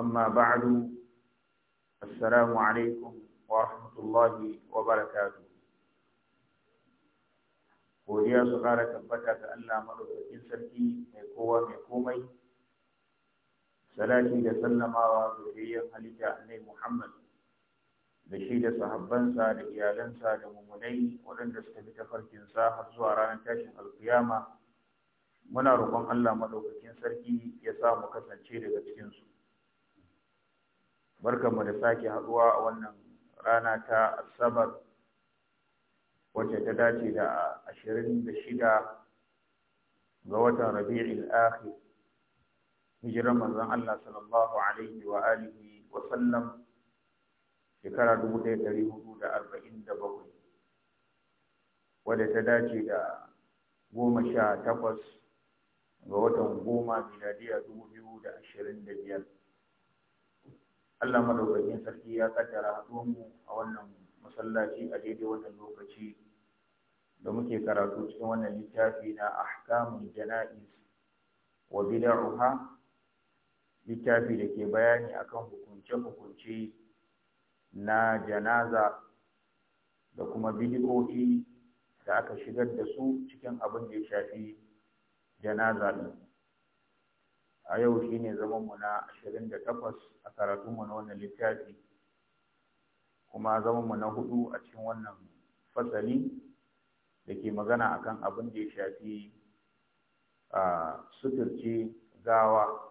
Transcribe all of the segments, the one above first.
أما بعد السلام عليكم rahmatullahi wa barakatu. godiya su ƙara tabbata ga Allah maɗaukakin sarki mai kowa mai komai salati da sallamawa ga halitta annai Muhammad da shi da sahabbansa da iyalansa da mummunai waɗanda suka tafarkin tafarkinsa har zuwa ranar tashin alkiyama muna roƙon Allah maɗaukakin sarki ya sa mu kasance daga cikinsu barkanmu da sake haɗuwa a wannan rana ta asabar wacce ta dace da ashirin da shida ga watan rabi'il akhir hijiran manzon Allah sallallahu alaihi wa alihi wa sallam shekara dubu ɗaya ɗari hudu da arba'in da bakwai wadda ta dace da goma sha takwas ga watan goma miladiya dubu biyu da ashirin da biyar Allah madaukakin sarki ya kaddara mu a wannan masallaci a daidai wannan lokaci da muke karatu cikin wannan littafi na ahkamul jana'iz wa bid'uha littafi da ke bayani akan hukunce-hukunce na janaza da kuma bid'o'i da aka shigar da su cikin abin da ya shafi janaza ɗin a yau shi shine mu na ashirin da takwas, a karatun mu na wannan littafi kuma zaman mu na hudu a cikin wannan fasali da ke magana akan abin da ya shafi a suturce gawa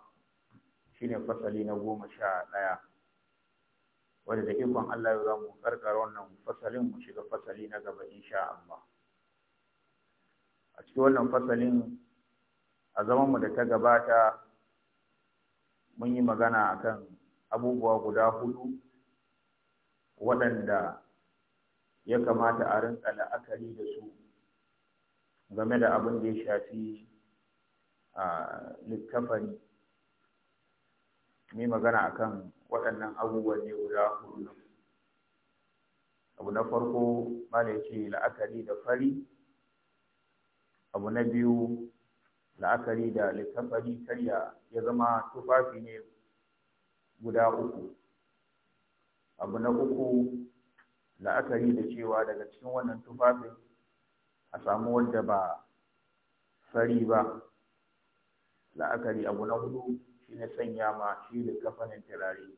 Shi ne fasali na goma sha ɗaya wanda da ikon Allah ya zamu karkar wannan fasalin mu shiga fasali na gaba insha Allah a cikin wannan fasalin a zamanmu da ta gabata mun yi magana akan abubuwa guda hudu waɗanda ya kamata a rinka la'akari da su game da abin da ya shafi a Mun yi magana akan waɗannan abubuwan ne guda hudu abu na farko mala ce la'akari da fari abu na biyu la'akari da littafari karya ya zama tufafi ne guda uku abu na uku la'akari da cewa daga cikin wannan tufafin a samu wanda ba fari ba la'akari abu na hudu shi ne sanya ma shi likafanin turare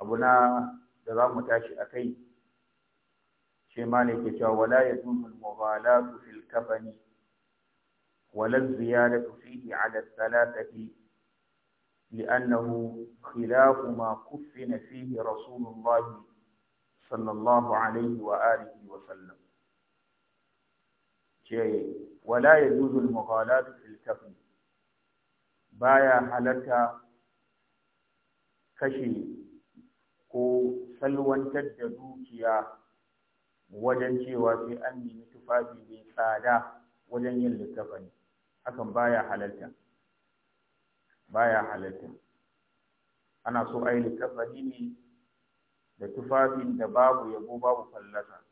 abu na da za mu tashi a kai shi ma ne ke cewa wala ya zumul mubalatu fil kafani ولا الزيادة فيه على الثلاثة لأنه خلاف ما كفن فيه رسول الله صلى الله عليه وآله وسلم شيء ولا يجوز المغالاة في الكفن بايا حلتا كشي ko salwantar da dukiya wajen cewa sai an nemi tufafi mai tsada wajen yin littafani hakan baya halalta baya halalta ana so a yi likafani ne da tufafin da babu yabo babu fallasa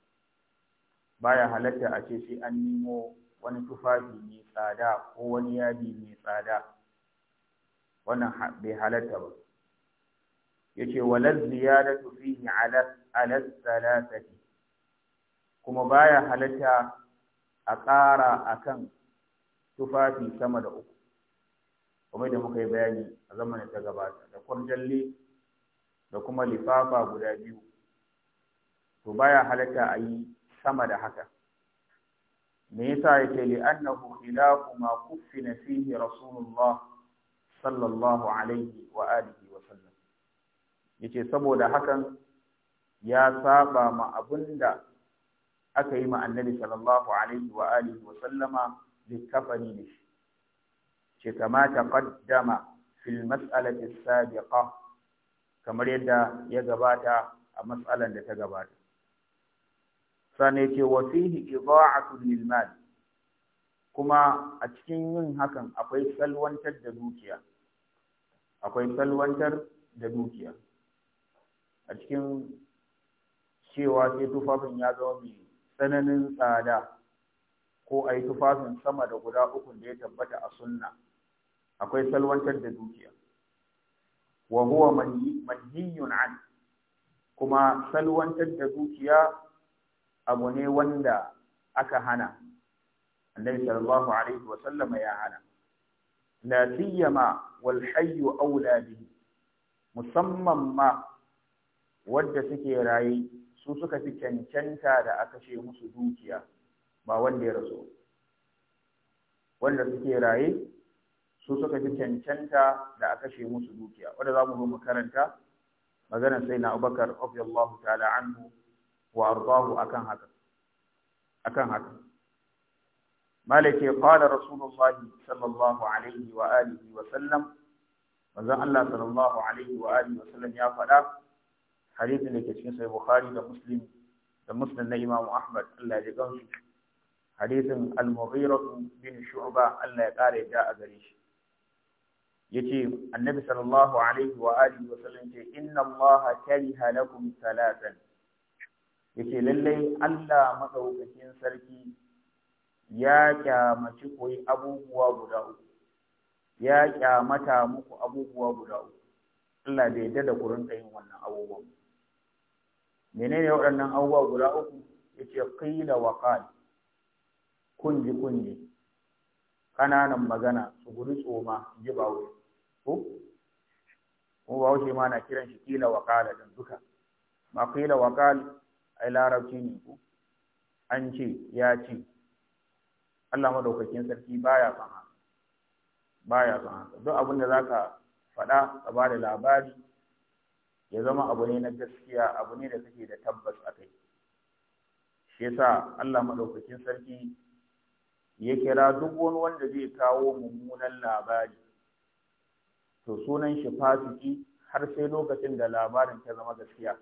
baya halatta a ce sai an nemo wani tufafi mai tsada ko wani yadi mai tsada wannan bai halatta ba yace walal ziyadatu fihi ala ala salatati kuma baya halatta a ƙara akan tufafi sama da uku kuma da muka yi bayani a zaman ta gabata da kwarjalle da kuma lifafa guda biyu to baya halatta a yi sama da haka me yasa yake li annahu khilafu ma kuffina fihi rasulullah sallallahu alaihi wa alihi wa sallam yace saboda hakan ya saba ma abinda aka yi ma annabi sallallahu alaihi wa alihi wa sallama littafani ne, shi ce kamata kaddama fil mas'alati sabiqa kamar yadda ya gabata a mas'alan da ta gabata Sani ce wa fihi ida'atun lil mal kuma a cikin yin hakan akwai salwantar dukiya akwai salwantar da dukiya a cikin cewa sai tufafin ya zama mai tsananin tsada ko a yi tufafin sama da guda uku da ya tabbata a sunna akwai salwantar da dukiya wa huwa manhiyun an kuma salwantar da dukiya abu ne wanda aka hana annabi sallallahu alaihi wa sallama ya hana la siyama wal aula bihi musamman ma wadda suke raye su suka fi cancanta da aka ce musu dukiya ba wanda ya rasu wanda suke raye su suka fi cancanta da a kashe musu dukiya wanda za mu zo mu karanta maganar sai na abubakar radiyallahu ta'ala anhu wa ardahu akan haka akan haka malike qala rasulullahi sallallahu alaihi wa alihi wa sallam manzon Allah sallallahu alaihi wa alihi wa sallam ya faɗa hadisin da ke cikin sahih bukhari da muslim da muslim na Imam ahmad Allah ya ji gansu hadisin al-mughira bin shu'ba Allah ya kare da a gare shi yace annabi sallallahu alaihi wa alihi wa sallam ce inna Allah kariha lakum salatan yace lallai Allah madaukakin sarki ya kyamaci koyi abubuwa guda uku ya kyamata muku abubuwa guda uku Allah bai yarda da kurin rinka wannan abubuwan menene waɗannan abubuwa guda uku yace qila wa qala kunji kunji kananan magana su guri tsoma ji bawo ko ko bawo ma na kiran shi kila wakala dan duka ma kila wakal ai larabci ne ko an ce ya ce Allah madaukakin sarki baya son baya son duk abin da zaka faɗa ka ba da labari ya zama abu ne na gaskiya abu ne da kake da tabbas a kai shi yasa Allah madaukakin sarki ya kira duk wani wanda zai kawo mummunan labari to sunan shi fasiki har sai lokacin da labarin ta zama gaskiya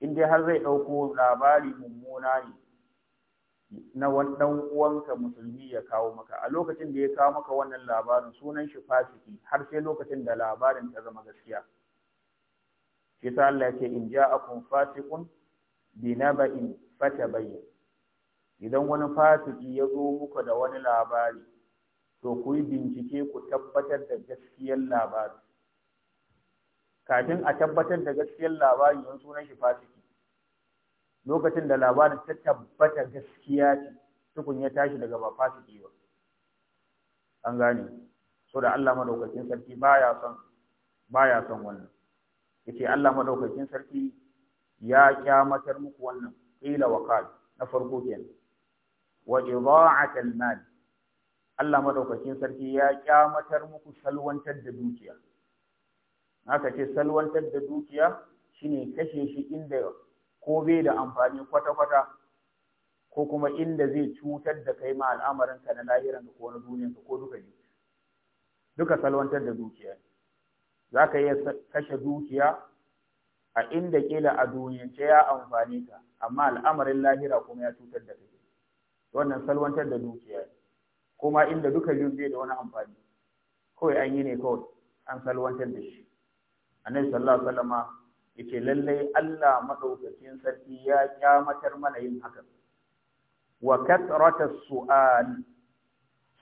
in dai har zai ɗauko labari mummuna ne na ɗan uwanka musulmi ya kawo maka a lokacin da ya kawo maka wannan labarin sunan shi fasiki har sai lokacin da labarin ta zama gaskiya shi sa Allah ya ce in ja'akum fasiqun bi naba'in fatabayyin idan wani fasiki ya zo muku da wani labari to ku yi bincike ku tabbatar da gaskiyar labari kafin a tabbatar da gaskiyar labari don sunan shi fasiki lokacin da labarin ta tabbata gaskiya ce tukun ya tashi daga ba fasiki ba an gane so da Allah madaukakin sarki baya son baya son wannan yace Allah madaukakin sarki ya kyamatar muku wannan qila wa qal na farko kenan wa ida'atal mal Allah madaukakin sarki ya kyamatar muku salwantar da dukiya haka ce salwantar da dukiya shine kashe shi inda ko bai da amfani kwata-kwata ko kuma inda zai cutar da kai ma al'amarin ka na lahiran ko na duniyar ka, ko duka biyu duka salwantar da dukiya za ka iya kashe dukiya a inda kila a duniyar duniyance ya amfani ka amma al'amarin lahira kuma ya cutar da kai wannan salwantar da dukiya ne kuma inda duka biyun bai da wani amfani kawai an yi ne kawai an salwantar da shi annabi sallallahu alaihi wasallama yace lallai Allah madaukakin sarki ya kyamatar mana yin haka wa kasratas su'al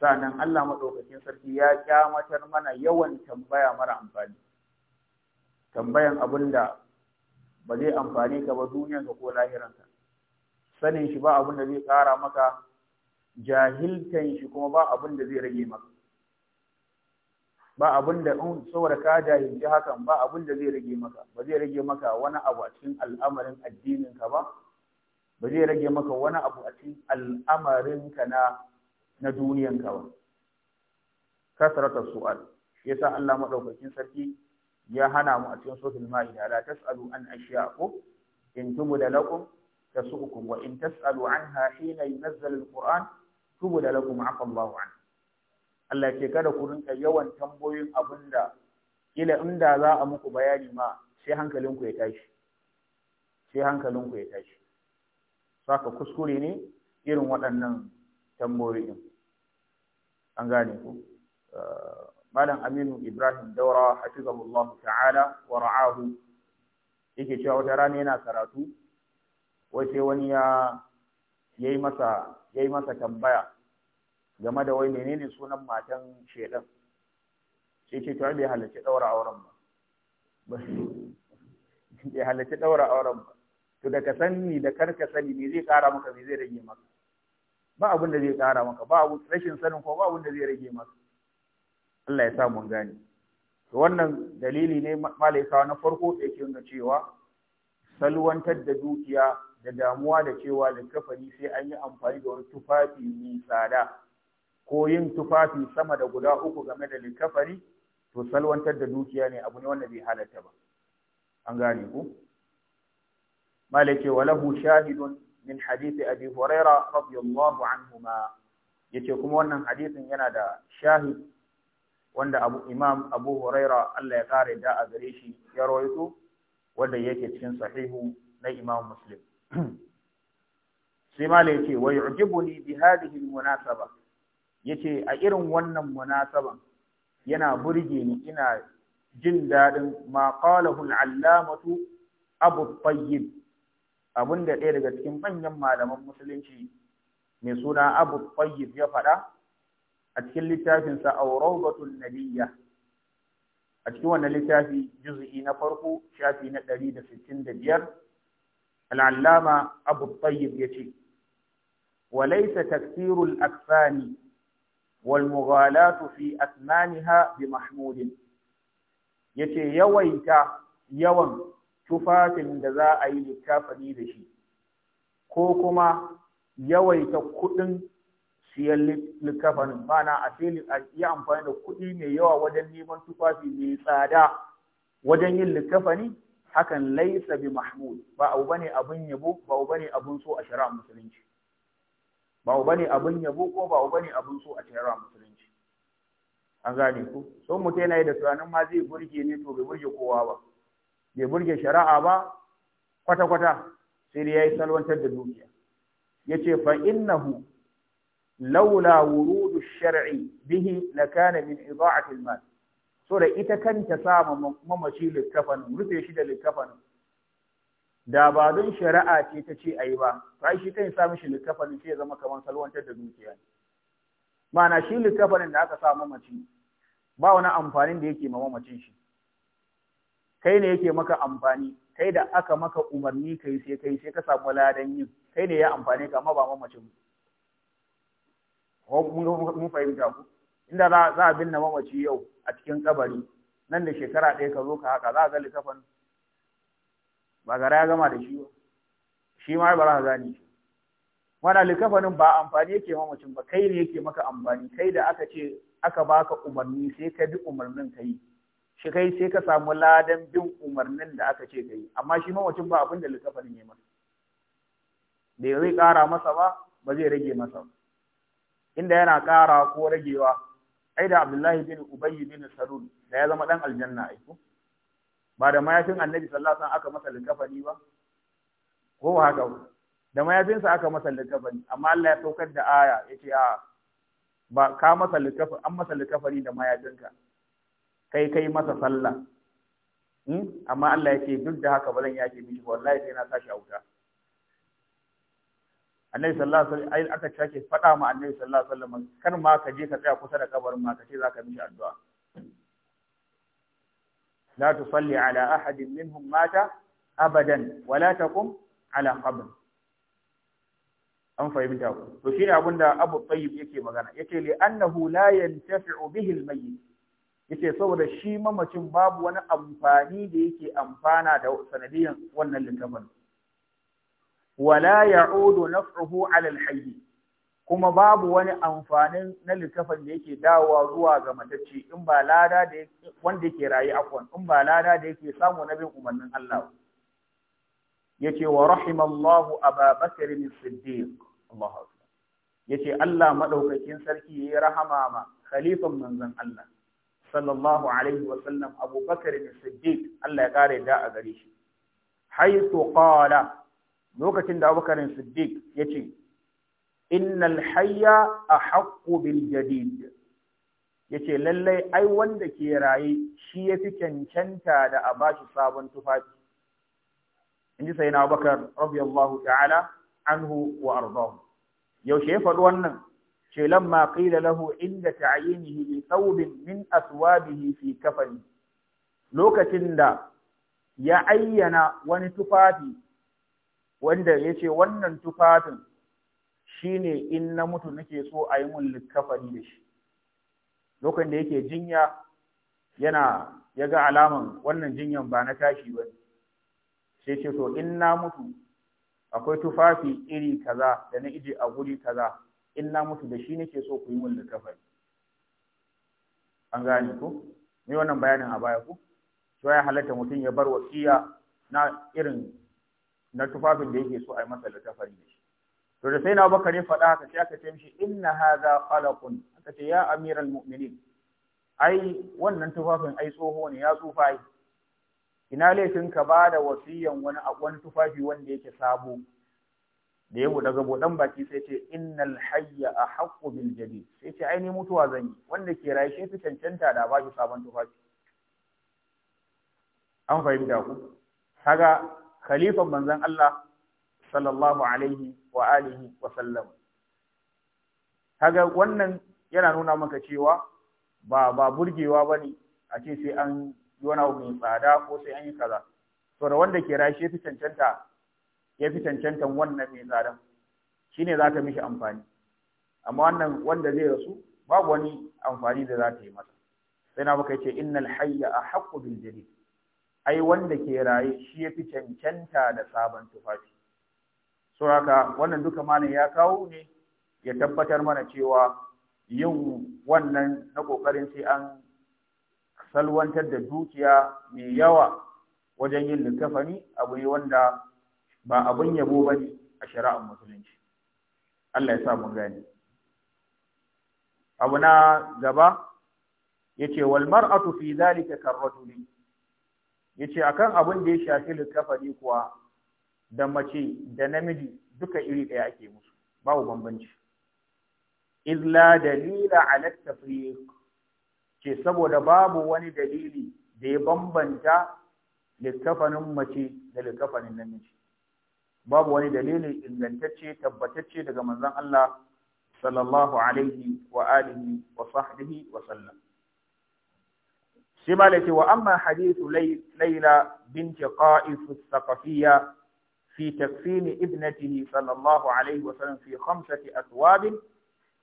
sanan Allah madaukakin sarki ya kyamatar mana yawan tambaya mara amfani tambayan abinda ba zai amfane ka ba duniyarka ko lahiranka sanin shi ba abin da zai ƙara maka jahiltan shi kuma ba abin da zai rage maka ba abin da in saboda ka jahilci hakan ba abin da zai rage maka ba zai rage maka wani abu a cikin al'amarin addinin ka ba ba zai rage maka wani abu a cikin al'amarin ka na na duniyan ka ba kasrata su'al yasa Allah madaukakin sarki ya hana mu a cikin suratul ma'ida la tasalu an ashiya ko in tumu da lakum تسؤكم وإن تسألوا عنها حين ينزل القرآن تبد لكم عفى الله عنه Allah ce kada ku rinka yawan tamboyin abinda, da inda za a muku bayani ma sai hankalinku ya tashi sai hankalinku ya tashi saka kuskure ne irin waɗannan tambayoyin an gane ku eh, malam Aminu Ibrahim Daura hafizahullahu ta'ala wa ra'ahu yake cewa wata rana yana karatu wai sai wani ya yi masa yi masa tambaya game da wai menene sunan matan shedan sai ce to bai halarci daura auren ba bai halarci daura auren ba to daga sanni sani da kar ka sani me zai kara maka me zai rage maka ba abin da zai kara maka ba abu rashin sanin ko ba abin da zai rage maka Allah ya sa mun gane to wannan dalili ne malaikawa na farko da yake nuna cewa salwantar da dukiya da damuwa da cewa likkafani sai an yi amfani da wani tufafi mai tsada ko yin tufafi sama da guda uku game da likkafani to salwantar da dukiya ne abu ne wanda bai halatta ba an gane ku malike walahu shahidun min hadisi abi huraira radiyallahu anhuma yace kuma wannan hadisin yana da shahid wanda abu imam abu huraira Allah ya kare da a gare shi ya rawaito wanda yake cikin sahihu na imam muslim sai mala yace wa yu'jibuni bi hadhihi munasaba yace a irin wannan munasaban yana burge ni ina jin dadin ma qalahu al-allamatu abu tayyib abinda ɗaya daga cikin manyan malaman musulunci mai suna abu tayyib ya faɗa a cikin littafin littafinsa auraubatul nabiyya a cikin wannan littafi juz'i na farko shafi na 165 al'allama abu tayyib ya ce walaisa taksirul aksani wal mughalatu fi asnaniha bi mahmudin yace yawaita yawan tufafin da za a yi littafani da shi ko kuma yawaita kuɗin siyan littafanin mana a yi amfani da kuɗi mai yawa wajen neman tufafi mai tsada wajen yin littafani hakan laisa bi mahmud ba abu bane abun yabo ba abu bane abun so a shari'a musulunci ba abu bane abun yabo ko ba abu bane abun so a shari'a musulunci an gane ku so mutum yana yi da tunanin ma zai burge ne to bai burge kowa ba bai burge shari'a ba kwata kwata sai dai yayi salwantar da duniya yace fa innahu laula wurudu shar'i bihi lakana min ida'ati al-mal so da ita kanta sa mamaci littafan rufe shi da littafan da ba don shari'a ce ta ce ayi ba sai shi kai sa mishi littafan sai zama kamar salwantar da dukiya ma'ana shi littafan da aka sa mamaci ba wani amfanin da yake ma mamacin shi kai ne yake maka amfani kai da aka maka umarni kai sai kai sai ka samu ladan yin kai ne ya amfane ka amma ba mamacin mu mun fahimta ku inda za a binne mamaci yau a cikin kabari nan da shekara ɗaya ka zo ka haka za a ga littafin ba gara ya gama da shi ba shi ma ba za gani shi wanda likafanin ba amfani yake mamacin ba kai ne yake maka amfani kai da aka ce aka baka umarni sai ka bi umarnin ka yi shi kai sai ka samu ladan bin umarnin da aka ce ka yi amma shi mamacin ba abin da likafanin ya masa bai zai kara masa ba ba zai rage masa inda yana kara ko ragewa ai da Abdullahi bin Ubayy bin Salul da ya zama dan aljanna ai ko ba da mayafin Annabi sallallahu alaihi wasallam aka masa likafani ba ko haka da mayafinsa aka masa likafani amma Allah ya saukar da aya yace a ba ka masa likafa an masa likafani da mayafinka kai kai masa sallah hmm? amma Allah ya ce duk da haka ba zan yake miki wallahi sai na tashi a wuta annabi sallallahu alaihi wasallam aka sake faɗa ma annabi sallallahu alaihi wasallam kar ma ka je ka tsaya kusa da kabarin ma ka ce zaka mishi addu'a la tusalli ala ahadin minhum mata abadan wala taqum ala qabr an fahimta ku to shine da Abu Tayyib yake magana yace li annahu la yantafi'u bihi al-mayyit yace saboda shi mamacin babu wani amfani da yake amfana da sanadiyan wannan littafin wala ya'udu naf'uhu 'ala al-hayy kuma babu wani amfanin na littafin da yake dawowa zuwa ga matacce in ba lada da wanda yake rayi afwan in ba lada da yake samu na bin umarnin Allah yace wa rahimallahu ababakar min siddiq Allahu akbar yace Allah madaukakin sarki yayi rahama ma khalifan manzon Allah sallallahu alaihi wa sallam abubakar min siddiq Allah ya kare da a gare shi haythu qala lokacin da abubakarin siddiq ya ce innal hayya a haƙƙo bil jadid ya ce lallai ai wanda ke raye shi ya fi cancanta da a bashi sabon tufafi in ji sai na abubakar radiyallahu ta'ala anhu wa ardahu yaushe ya faɗi wannan ce lamma qila lahu inda ta'yinihi li thawbin min aswabihi fi kafani lokacin da ya ayyana wani tufafi wanda ya ce wannan tufafin shi ne in na mutu nake so a yi mun likkafani da shi lokacin da yake jinya yana ya ga alaman wannan jinyan ba na tashi ba sai ce to in na mutu akwai tufafi iri kaza da na ije a guri kaza in na mutu da shi nake so ku yi mun likkafani an gane ku ni wannan bayanin a baya ku to ya halatta mutum ya bar wasiya na irin na tufafin da yake so a yi masa littafin da shi to da sai na bakar ya faɗa ka sai aka ce mishi inna hadha khalaqun aka ce ya amiral mu'minin ai wannan tufafin ai tsoho ne ya tsufa ai ina laifin ka ba da wasiyan wani wani tufafi wanda yake sabo da ya daga bodan baki sai ce innal hayya ahqqu bil jadid sai ce ai ni mutuwa zan yi wanda ke rayu shi fi cancanta da ba sabon tufafi an fahimta ku kaga khalifan manzon Allah sallallahu alaihi wa alihi wa sallam kaga wannan yana nuna maka cewa ba ba burgewa bane a ce sai an yi wani abu mai tsada ko sai an yi kaza to da wanda ke rashi ya fi cancanta ya fi cancantan wannan mai tsada, shine za ta mishi amfani amma wannan wanda zai rasu babu wani amfani da za ta yi masa sai na baka ce innal hayya a bil jadid ai wanda ke raye shi yafi fi cancanta da sabon tufafi so haka wannan duka malam ya kawo ne ya tabbatar mana cewa yin wannan na kokarin sai an salwantar da dukiya mai yawa wajen yin littafani abu ne wanda ba abin yabo ba ne a shari'ar musulunci Allah ya sa mun gane abu na gaba yace wal mar'atu fi dhalika karratu yace akan abin da ya shafi likafani kuwa da mace da namiji duka iri daya ake musu babu bambanci illa dalila ala tafriq ce saboda babu wani dalili da ya bambanta likafanin mace da likafanin namiji babu wani dalili ingantacce tabbatacce daga manzon Allah sallallahu alaihi wa alihi wa sahbihi wa sallam shi ma ce wa amma hadithu laila binti qa'if as-saqafiyya fi takfin ibnatihi sallallahu alaihi wa sallam fi khamsati aswab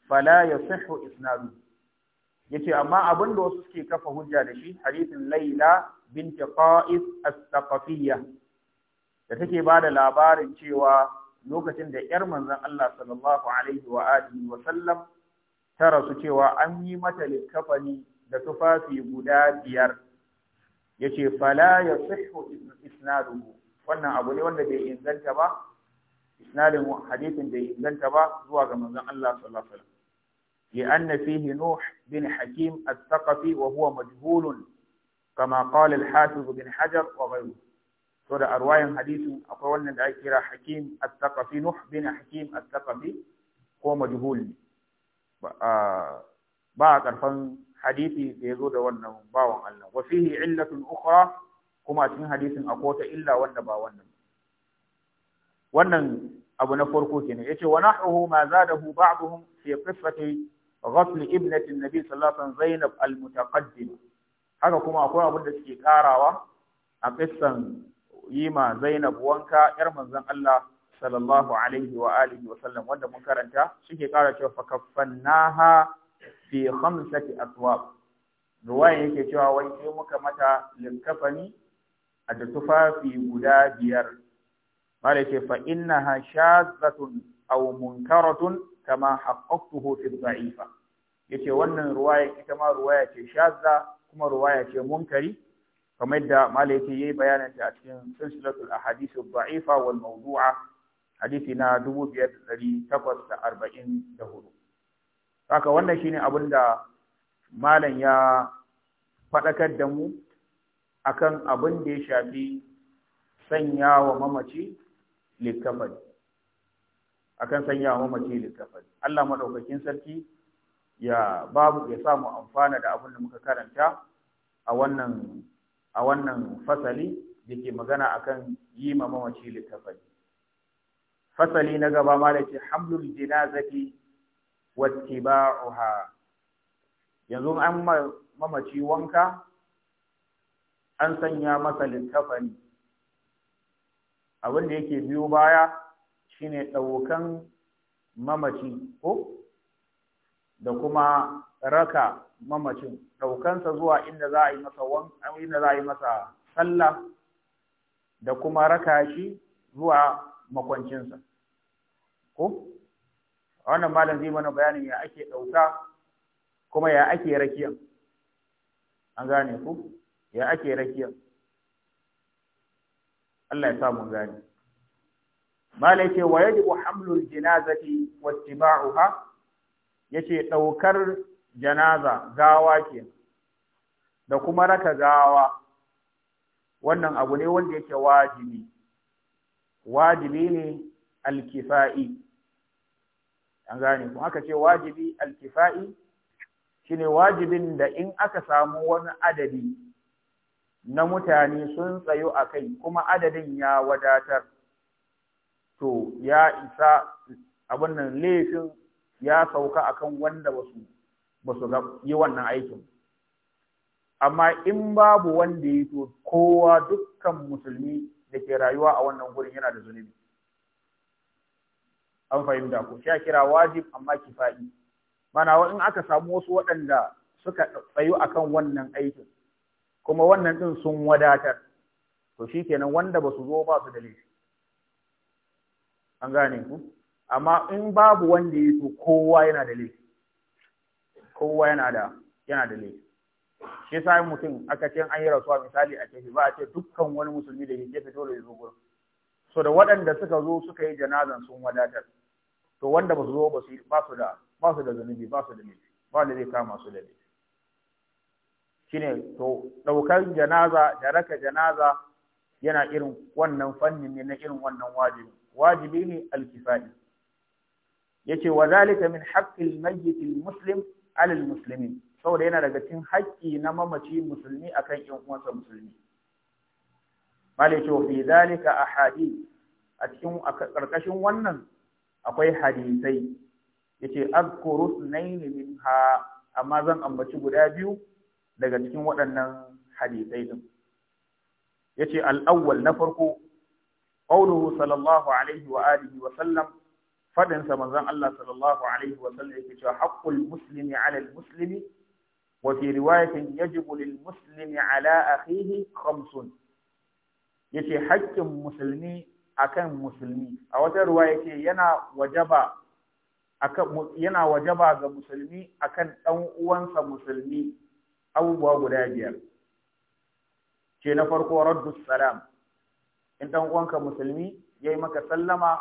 fala yasihhu isnadu yace amma abin da wasu suke kafa hujja da shi hadithin laila binti qa'if as-saqafiyya da take ba da labarin cewa lokacin da ‘yar manzon Allah sallallahu Alaihi wa alihi wa sallam ta rasu cewa an yi mata likkafani da tufafi guda biyar ya ce fala ya sahihu isnaduhu wannan abu ne wanda bai inganta ba isnadin hadithin bai inganta ba zuwa ga manzon Allah sallallahu alaihi wasallam li'anna nuh bin hakim at wahuwa wa kama qala al-hafiz bin hajar wa da arwayan hadisin akwai wannan da kira hakim at-thaqafi nuh bin hakim at ko majhul ah, ba a karfan hadisi da ya zo da wannan bawan Allah wa fihi illatun ukhra kuma cikin hadisin akwai ta illa wanda ba wannan wannan abu na farko kenan yace wa nahruhu ma zadahu ba'dhum fi qissati ghasl ibnati an-nabi sallallahu alaihi wasallam Zainab al-mutaqaddima haka kuma akwai abin da suke karawa a qissan yima Zainab wanka yar manzon Allah sallallahu alaihi wa alihi wa sallam wanda mun karanta suke kara cewa fakaffannaha fi khamsati aswab ruwayan yake cewa wai sai muka mata likkafani a da tufafi guda biyar mala yake fa innaha shazzatun aw munkaratun kama haqqaqtuhu fi dha'ifa yace wannan ruwaya ita ma ruwaya ce shazza kuma ruwaya ce munkari kamar da mala yayi bayanin ta a cikin silsilatul ahadith ad-da'ifa wal mawdu'a hadisi na 2844 haka wannan shine abin da malam ya faɗakar da mu akan abin da ya shafi sanya wa mamaci likafani akan sanya wa mamaci likafani Allah madaukakin sarki ya babu ya samu amfana da abin da muka karanta a wannan fasali da ke magana akan yi ma mamaci likafani fasali na gaba malam ce hamlul wattiba'uha yanzu an mamaci wanka an sanya masa littafani abin da yake biyo baya shine ɗaukan mamaci ko da kuma raka mamacin sa zuwa inda za a yi masa inda za a yi masa sallah da kuma raka shi zuwa makwancinsa ko a wannan malam zai mana bayanin ya ake ɗauka kuma ya ake rakiya an gane ku ya ake rakiya Allah ya samu gane malai ce wa yajibu hamlul jinazati wattiba'uha yace ɗaukar janaza gawa ke da kuma raka gawa wannan abu ne wanda yake wajibi wajibi ne alkifa'i an gane kuma aka ce wajibi alkifa'i shine wajibin da in aka samu wani adadi na mutane sun tsayo a kai kuma adadin ya wadatar to ya isa abin nan laifin ya sauka akan wanda basu ga yi wannan aikin amma in babu wanda ya to kowa dukkan musulmi da ke rayuwa a wannan gurin yana da zunubi an fahimta ko sai a kira wajib amma kifa'i mana in aka samu wasu waɗanda suka tsayu akan wannan aikin kuma wannan din sun wadatar to shikenan wanda ba su zo ba su da laifi an gane ku amma in babu wanda ya to kowa yana da laifi kowa yana da yana da laifi shi sai mutum aka ce an yi rasuwa misali a ce ba a ce dukkan wani musulmi da ke fito da zo gurin so da waɗanda suka zo suka yi janazan sun wadatar to wanda ba su zo ba su da ba su da zunubi ba su da laifi ba wanda zai kama su da laifi shine to ɗaukar janaza da raka janaza yana irin wannan fannin ne na irin wannan wajibi wajibi ne alkifai yace wa zalika min haqqil mayyit almuslim ala almuslimin saboda yana daga cikin haƙƙi na mamaci musulmi akan ƴan uwansa musulmi malai ce fi zalika ahadith a cikin karkashin wannan akwai hadisai yace azkuru sunayn minha amma zan ambaci guda biyu daga cikin waɗannan hadisai din yace al-awwal na farko qawluhu sallallahu alaihi wa alihi wa sallam fadin sa manzon Allah sallallahu alaihi wa sallam yake cewa haqqul muslimi ala al-muslimi wa fi riwayatin yajibu lil muslimi ala akhihi khamsun yace haƙƙin musulmi akan musulmi a wata ruwa yace yana wajaba akan yana wajaba ga musulmi akan dan uwansa musulmi abubuwa guda biyar ce na farko raddu salam in dan uwanka musulmi yayi maka sallama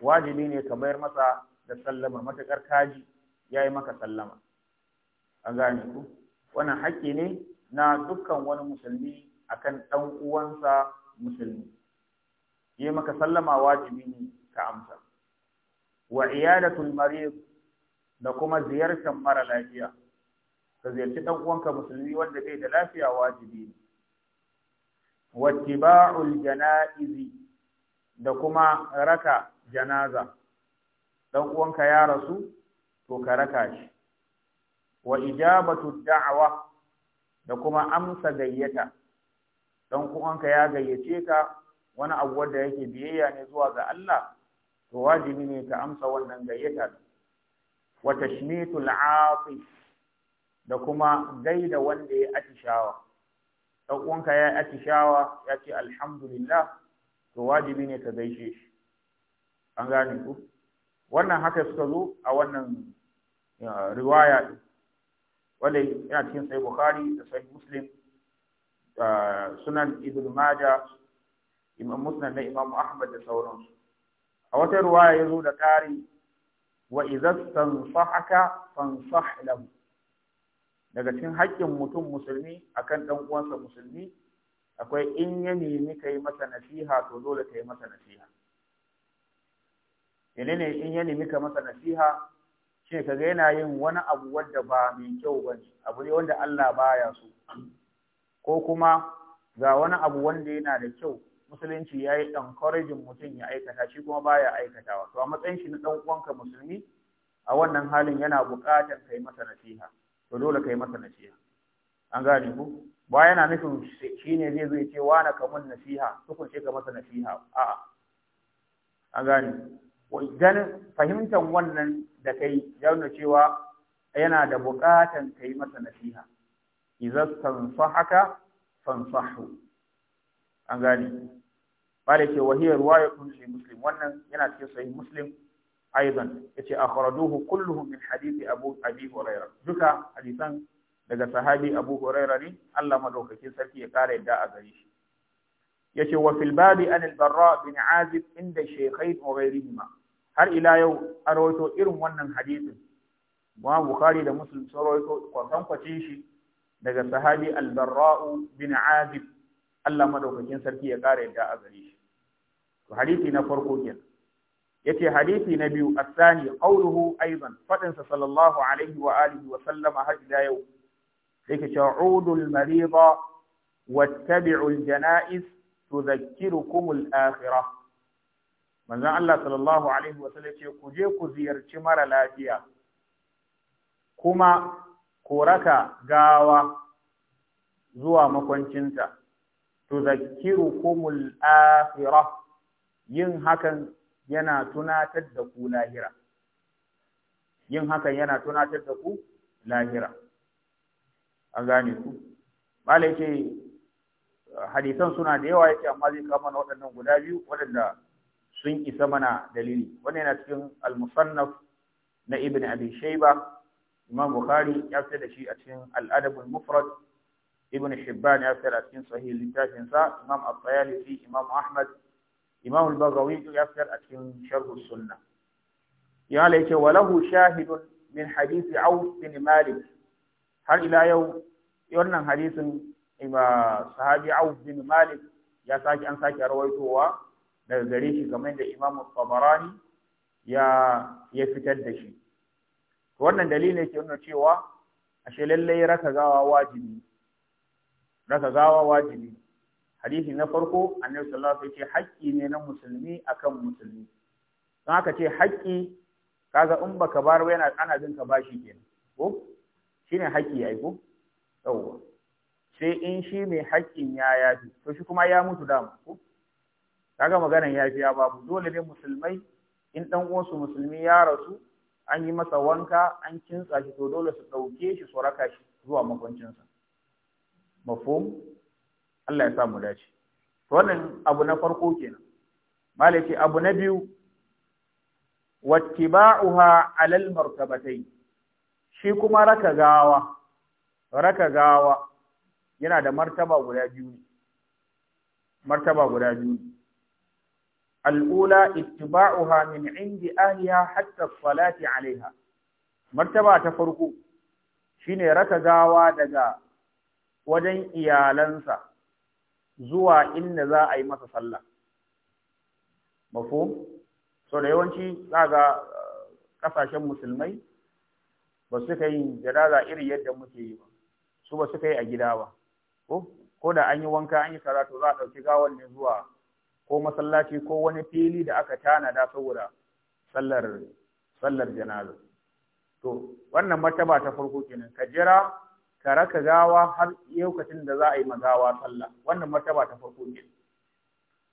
wajibi ne ka bayar masa da sallama matakar kaji yayi maka sallama an gane ku wannan haƙƙi ne na dukkan wani musulmi akan dan uwansa musulmi yi maka sallama wajibi ne ka amsa wa iyadatul marid da kuma ziyartar mara lafiya ka ziyarci dan uwanka musulmi wanda bai da lafiya wajibi ne wattiba'ul janaizi da kuma raka janaza dan uwanka ya rasu to ka raka shi wa ijabatu da'wa da kuma amsa gayyata dan uwanka ya gayyace ka wani abu wanda yake biyayya ne zuwa ga Allah to wajibi ne ka amsa wannan gayyata wa tashmitul aati da kuma gaida wanda ya atishawa dan uwanka ya atishawa ya ce alhamdulillah to wajibi ne ka gaishe shi an gane ku wannan haka suka zo a wannan riwaya wanda yana cikin sai bukhari da sai muslim sunan ibn Majah imam musnad na imam Ahmad da sauransu a wata ruwaya zo da ƙari wa idza tansahaka fansah lahu daga cikin haƙƙin mutum musulmi akan dan uwansa musulmi akwai in ya nemi kai masa nasiha to dole kai masa nasiha menene in ya nemi ka masa nasiha shi kaga yana yin wani abu wanda ba mai kyau bane abu ne wanda Allah baya so ko kuma ga wani abu wanda yana da kyau musulunci ya yi encouraging mutum ya aikata shi kuma baya aikatawa to a matsayin shi na dan uwanka musulmi a wannan halin yana buƙatar kai masa nasiha to dole kai masa nasiha an gane ku ba yana nufin shine zai zo ce wani ka mun nasiha tukun ce ka masa nasiha a'a an gane idan fahimtar wannan da kai ya cewa yana da buƙatar kai masa nasiha idza tansahaka fansahu an gani bare ce wahiyar hiya riwayatun li muslim wannan yana cikin sahih muslim aidan yace akhraduhu kulluhum min hadith abu abi hurairah duka hadisan daga sahabi abu hurairah ne Allah madaukakin sarki ya kara yadda a gare shi yace wa fil babi an al barra bin azib inda shaykhain wa har ila yau an rawaito irin wannan hadisin ma bukhari da muslim sun rawaito kwasan shi daga sahabi albarra'u bin azib Allah madaukakin sarki ya ƙara yadda a gare shi to hadisi na farko kenan yace hadisi na biyu asani qawluhu aidan fadin sa sallallahu alaihi wa alihi wa sallama hajja yau yake sha'udul marida wattabi'ul janaiz tudhakkirukumul akhirah manzon Allah sallallahu alaihi wa sallam ce ku je ku ziyarci mara lafiya kuma koraka gawa zuwa makwancinta kumul akhirah yin hakan yana tunatar da ku lahira yin hakan yana tunatar da ku lahira an gane ku ce hadisan suna da yawa yake amma zai kama na waɗannan guda biyu waɗanda sun isa mana dalili wannan yana cikin al-musannaf na ibn abi shayba imam bukhari ya fitar da shi a cikin al-adabul mufrad ibn hibban ya fitar a cikin sahih littafin sa imam at imam ahmad imam al-baghawi ya fitar a cikin sharh sunna ya la yake walahu shahidun min hadisi auf bin malik har ila yau wannan hadisin sahabi au bin malik ya sake an sake rawaitowa daga gare shi kamar da imam tabarani ya ya fitar da shi wannan dalilin yake nuna cewa ashe lallai raka gawa wajibi raka gawa wajibi hadisi na farko annabi sallallahu alaihi wasallam ya ce haƙƙi ne na musulmi akan musulmi don haka ce haƙƙi kaga in baka bar ba yana ana jin ka bashi kenan ko shine haƙƙi ai ko yawwa sai in shi mai haƙƙin ya yafi to shi kuma ya mutu dama ko kaga maganan yafi ya babu dole ne musulmai in dan uwansu musulmi ya rasu an yi masa wanka an kintsa shi to dole su ɗauke shi su raka shi zuwa makwancinsa mafhum Allah ya samu dace to wannan abu na farko kenan malaki abu na biyu wattiba'uha alal martabatai shi kuma raka gawa raka gawa yana da martaba guda biyu martaba guda biyu al'ula ittiba'uha min indi Ahiya hatta salati alaiha martaba ta farko shine raka gawa daga wajen iyalansa zuwa inda za a yi masa sallah mafhum so da yawanci zaga ƙasashen musulmai ba suka yi jaraza iri yadda muke yi ba su ba suka yi a gida ba ko da an yi wanka an yi karatu za a ɗauki gawan ne zuwa ko masallaci ko wani fili da aka tanada saboda sallar sallar janaza to wannan martaba ta farko kenan ka jira ka raka gawa har lokacin da za a yi magawa sallah wannan martaba ta farko ne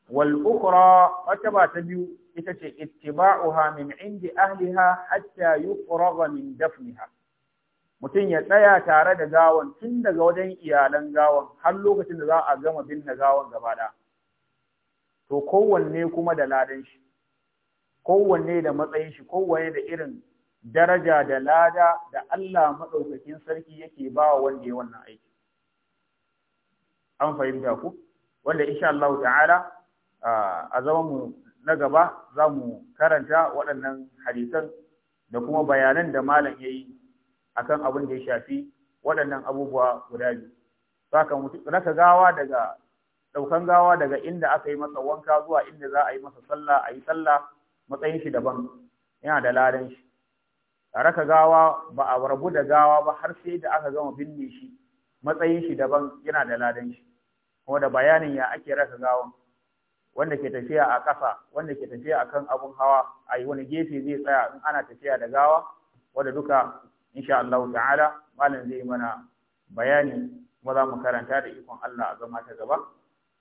wal ukhra martaba ta biyu ita ce ittiba'uha min indi ahliha hatta yufraga min dafniha mutum ya tsaya tare da gawan tun daga wajen iyalan gawan har lokacin da za a gama binne gawan gaba ɗaya to kowanne kuma da ladan shi kowanne da matsayin shi kowanne da irin daraja da lada da Allah maɗaukakin sarki yake ba wa wanda ya wannan aiki an fahimta ku wanda insha Allah ta'ala a zaman mu na gaba za mu karanta waɗannan hadisan da kuma bayanan da malam ya yi akan abin da ya shafi waɗannan abubuwa guda biyu saka gawa daga daukan gawa daga inda aka yi masa wanka zuwa inda za a yi masa sallah a yi sallah matsayin shi daban yana da ladan shi a raka gawa ba a rabu da gawa ba har sai da aka gama binne shi matsayin shi daban yana da ladan shi kuma da bayanin ya ake raka gawa wanda ke tafiya a ƙasa wanda ke tafiya a kan abun hawa a wani gefe zai tsaya in ana tafiya da gawa wanda duka insha Allah ta'ala malam zai mana bayani kuma za mu karanta da ikon Allah a zama ta gaba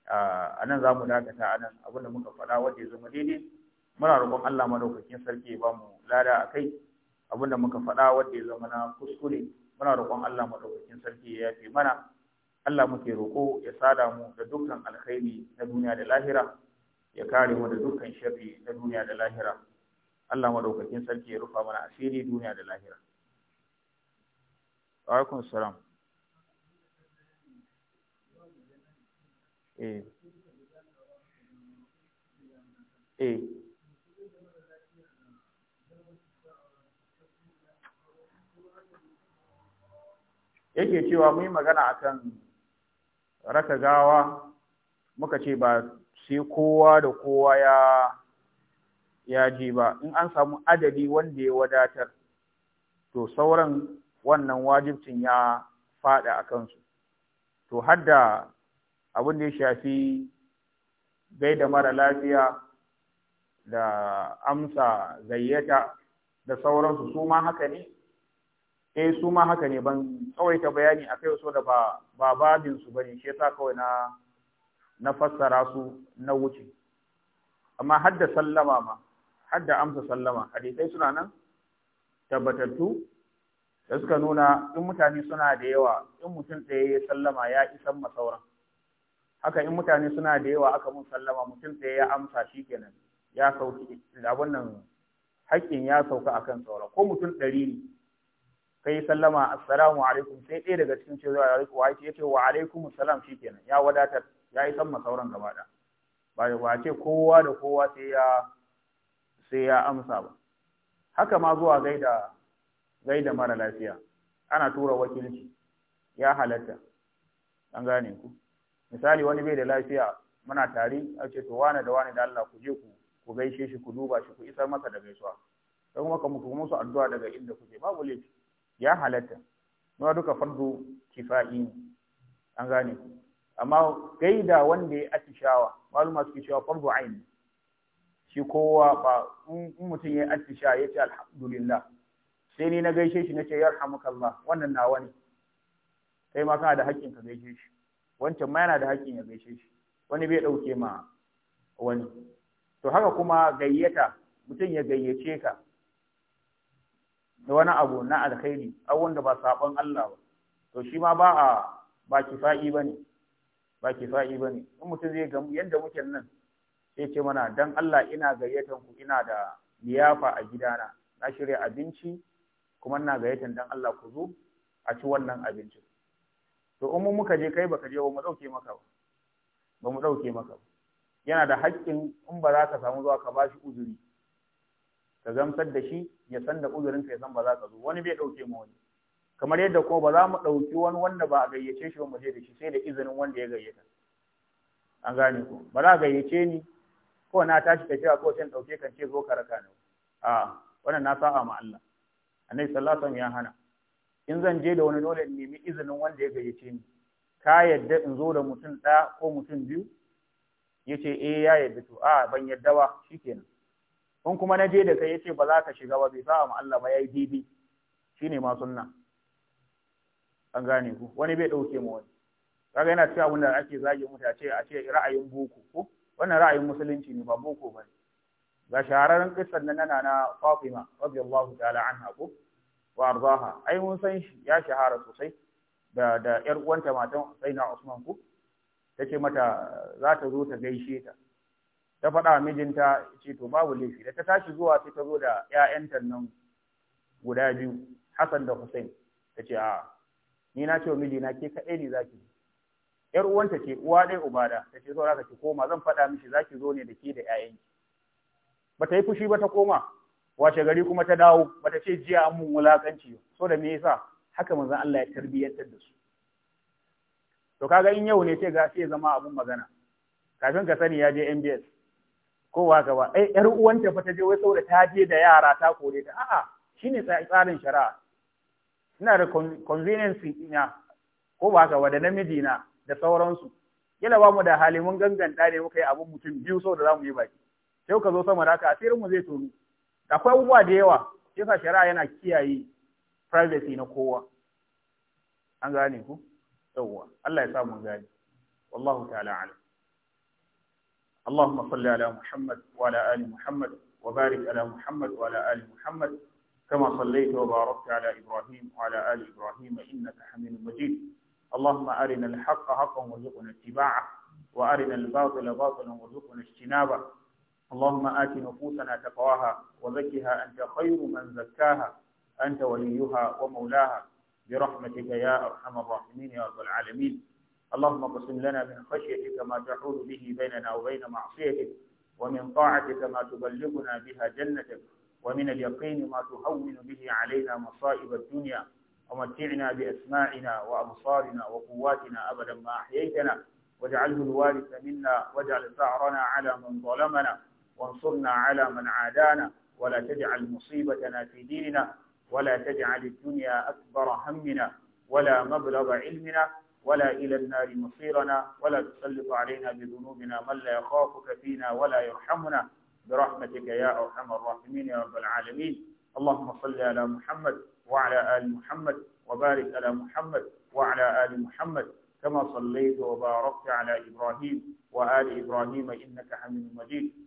a nan za mu dakata a nan abin da muka faɗa wanda ya zama daidai muna roƙon Allah madaukakin sarki ya ba mu lada a kai abin da muka faɗa wanda ya zama na kuskure muna roƙon Allah madaukakin sarki ya yafe mana Allah muke roƙo ya sada mu da dukkan alkhairi na duniya da lahira ya kare mu da dukkan sharri na duniya da lahira Allah madaukakin sarki ya rufa mana asiri duniya da lahira. Wa alaikum salam. eh eh yake cewa mun yi magana akan raka gawa muka ce ba sai kowa da kowa ya ya ji ba in an samu adadi wanda ya wadatar to sauran wannan wajibcin ya fada a kansu to hadda abin da ya shafi gaida mara lafiya da amsa gayyata da sauransu su ma haka ne eh su ma haka ne ban tsawaita bayani a akai so da ba ba babin su bane shi yasa kawai na na fassara su na wuce amma hadda sallama ma hadda amsa sallama hadisai suna nan tabbatattu da suka nuna in mutane suna da yawa in mutum ɗaya ya sallama ya isan masauran haka in mutane suna da yawa aka mun sallama mutum sai ya amsa shi kenan ya sauki abin nan haƙƙin ya sauka akan saura ko mutum ɗari ne kai sallama assalamu alaikum sai ɗaya daga cikin ce zuwa alaikum wa yace wa alaikum assalam kenan. ya wadatar ya yi san sauran gaba da ba da ba ce kowa da kowa sai ya sai ya amsa ba haka ma zuwa gaida gaida mara lafiya ana tura wakilci ya halatta an gane ku misali wani bai da lafiya muna tari. a ce to wane da wane da Allah ku je ku ku gaishe shi ku duba shi ku isar masa da gaisuwa sai kuma ka muku musu addu'a daga inda kuke babu laifi ya halatta nawa duka fardu kifa'i an gane ku amma gaida wanda ya atishawa maluma suke cewa fardu ain shi kowa ba in mutum ya atisha ya ce alhamdulillah sai ni na gaishe shi na ce yarhamukallah wannan nawa ne kai ma kana da haƙƙin ka gaishe shi wancan ma yana da haƙƙin ya gaishe shi wani bai ɗauke ma wani to haka kuma gayyata mutum ya gayyace ka da wani abu na alkhairi au wanda ba saɓon Allah ba to shi ma ba a ba kifa'i bane ba kifa'i ne in mutum zai gamu yadda muke nan sai ce mana dan Allah ina gayyatan ku ina da liyafa a gidana na shirya abinci kuma ina gayyatan dan Allah ku zo a ci wannan abincin to in muka je kai baka je ba mu dauke maka ba ba mu dauke maka ba yana da haƙƙin in ba za ka samu zuwa ka bashi uzuri ka gamsar da shi ya san da uzurin ka ya san ba za ka zo wani bai dauke ma wani kamar yadda kuma ba za mu dauki wani wanda ba a gayyace shi ba mu je da shi sai da izinin wanda ya gayyata an gane ku. ba za a gayyace ni ko na tashi ka cewa ko sai dauke kan ce zo ka raka ni a wannan na sa'a ma Allah annabi sallallahu alaihi wasallam ya hana in zan je da wani dole in nemi izinin wanda ya gayyace ni ka yadda in zo da mutum ɗaya ko mutum biyu Ya ce, eh ya yadda to a ah, ban yadda ba shikenan in kuma na je da kai yace ba za ka shiga ba bai sa ma Allah ba yi daidai ne ma sunna an gane ku wani bai dauke ma wani kaga yana cewa abin da ake zage mutu a ce ra'ayin boko ko wannan ra'ayin musulunci ne ba boko bane ga shahararren kisan nan na na Fatima radiyallahu ta'ala anha ko warzaha ai mun san shi ya shahara sosai da da yar uwanta matan Sayyidina Usman ku tace mata za ta zo ta gaishe ta ta faɗa mijinta ce to babu laifi da ta tashi zuwa sai ta zo da ƴaƴanta nan guda biyu Hassan da Hussein tace a ni na ce wa mijina ke kaɗai ne zaki yar uwanta ce uwa ɗaya uba da tace zo za ki koma zan faɗa mishi zaki zo ne da ke da ƴaƴanki ta yi fushi ba ta koma Wace gari kuma ta dawo bata ce jiya an mun wulakanci so da me yasa haka manzon Allah ya tarbiyyantar da su to kaga in yau ne ce ga sai zama abun magana kafin ka sani ya je MBS ko haka ba ai eh, yar uwanta fa ta je wai saboda ta je da yara ta kore ta a'a shine tsarin shari'a ina da convenience ina ko ba ka ba da namiji na da sauransu kila ba mu da mun ganganta ne muka yi abun mutum biyu saboda za mu yi baki sai ka zo sama da haka asirin mu zai tonu akwai abubuwa da yawa shifa shari'a yana kiyaye privacy na kowa an gane ku yawwa Allah ya samu gani wallahu ta'ala alim Allahumma salli ala Muhammad wa ali Muhammad wa ala Muhammad wa ali Muhammad kama sallaita wa barakta ala Ibrahim wa ali Ibrahim innaka Hamidum Majid اللهم أرنا الحق حقا وارزقنا اتباعه وأرنا الباطل باطلا وارزقنا اجتنابه اللهم آت نفوسنا تقواها وزكها أنت خير من زكاها أنت وليها ومولاها برحمتك يا أرحم الراحمين يا رب العالمين اللهم اقسم لنا من خشيتك ما تحول به بيننا وبين معصيتك ومن طاعتك ما تبلغنا بها جنتك ومن اليقين ما تهون به علينا مصائب الدنيا ومتعنا بأسماعنا وأبصارنا وقواتنا أبدا ما أحييتنا واجعله الوارث منا واجعل ثأرنا على من ظلمنا وانصرنا على من عادانا ولا تجعل مصيبتنا في ديننا ولا تجعل الدنيا أكبر همنا ولا مبلغ علمنا ولا إلى النار مصيرنا ولا تسلط علينا بذنوبنا من لا يخافك فينا ولا يرحمنا برحمتك يا أرحم الراحمين يا رب العالمين اللهم صل على محمد وعلى آل محمد وبارك على محمد وعلى آل محمد كما صليت وباركت على إبراهيم وآل إبراهيم إنك حميد مجيد